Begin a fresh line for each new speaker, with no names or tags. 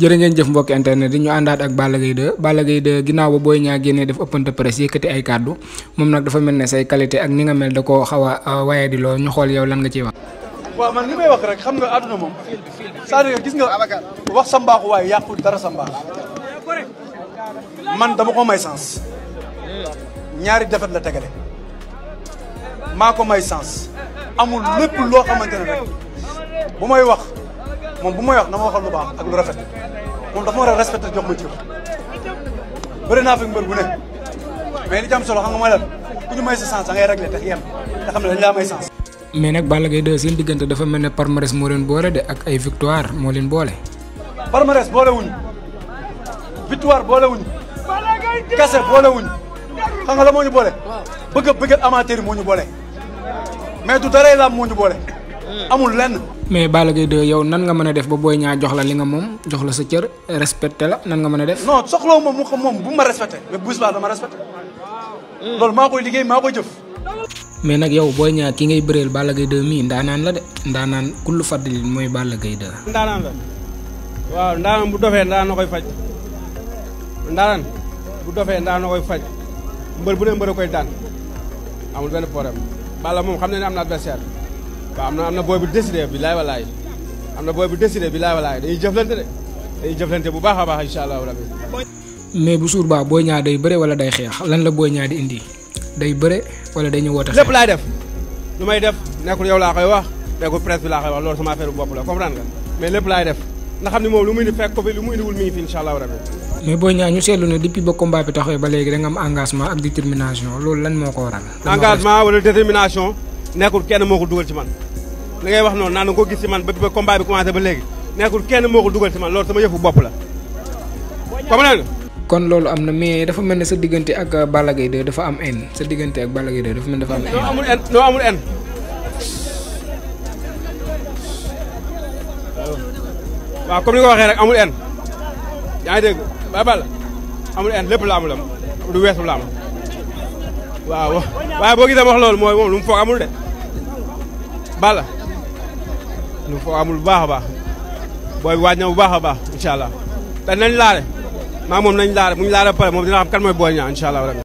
jërë ngeen jëf mbokk internet yi ñu àndaat ak Balla de 2 de Gaye 2 ginnaaw ba Boy Niang génnee def open de presse yëkkati ay kàddu moom nag dafa mel ne say qualité ak ni nga mel da koo xaw a euh, di loo ñu xool yow lan nga ciy wax
waaw man ni may wax rek xam nga àdduna moom c'est-à-dire gis nga wax sa mbaaxu waaye yàqul dara sa mbaax man dama ko may sens ñaari defet la tegale maa ko may sens amul lépp loo xamante ne rek bu may wax mom bu may wax dama waxal lu baax ak lu rafet mom dafa wara war jox ma cër bari na fi mbeur bu ne mais li jam solo xam nga moy lan ku ñu may sa sans ngay régler tax yem da xam la dañ laa may sans
mais nak Balla gay de seen digënté dafa melni ne palmarès moo leen boole de ak ay victoire mo leen boole. palmarès boole wuñ victoire boole wuñ kasse boole wuñ
xam nga la mo ñu boole bëgg bëgg amateur mo ñu boole mais du dara la mo ñu
boole. Hmm. amul lenn mais Balla Gaye de yow nan nga mën a def ba Boy nya jox la li nga moom jox la sa cër respecté la nan nga mën a def non soxlawu ma mu ko moom bu ma respecté mais bu subaa
dama respecté hmm. loolu maa koy liggéey maa koy jëf
mais nag yow Boy nya ki ngay bëreel Balla Gaye 2 mii ndaanaan la de ndaanaan kullu fadlin mooy Balla de.
2 ndaanaan la waaw ndaanaan bu dofee ndaanaan na koy faj ndaanaan bu dofee ndaanaan na koy faj mbër bu ne mbër a koy daan amul benn problème bala moom xam ne ne am na adversaire waaw am na am na booy bu décidé bi laay walaay bi laay walaay dañuy jëflante de dañuy jëflante bu baax a baax incha allahu rabi.
mais bu suur baa booy ñaa day bëre wala day xeex lan la booy ñaa di indi day bëre wala dañuy woote. lépp laay def
lu may def nekkul yow laa koy wax nekkul presse bi laa koy wax loolu sama affaire bu bopp la comprendre nga mais lépp laay def nga xam ne moom lu muy indi fekk ko fi lu muy indiwul mi ngi fi incha allahu rabi.
mais booy ñaa ñu seetlu ne ba combat bi taxawee ba léegi da nga am engagement lan moo ko waral.
engagement nekul kenn moko duggal ci man li ngay wax non naan ko gis ci man ba combat bi commencé ba léegi nekul kenn moko duggal ci man lolou sama yëfu
bop la comme kon lolou am mais dafa melni sa diggante ak balagay de dafa am en sa diggante ak balagay de dafa melni dafa am en no amul en no amul en
wa comme ni ko waxee rek amul en ya ngi dégg ba bal amul en lepp la am du wessu la am waaw bo gi dama wax lolou moy mom lu mu amul de bala lu foo amul bu baax baax booy waaj na bu baax a baax incha allah te nañ laare maa moom nañ laare bu ñu laare pare moom dina xam kan mooy Boy Niang incha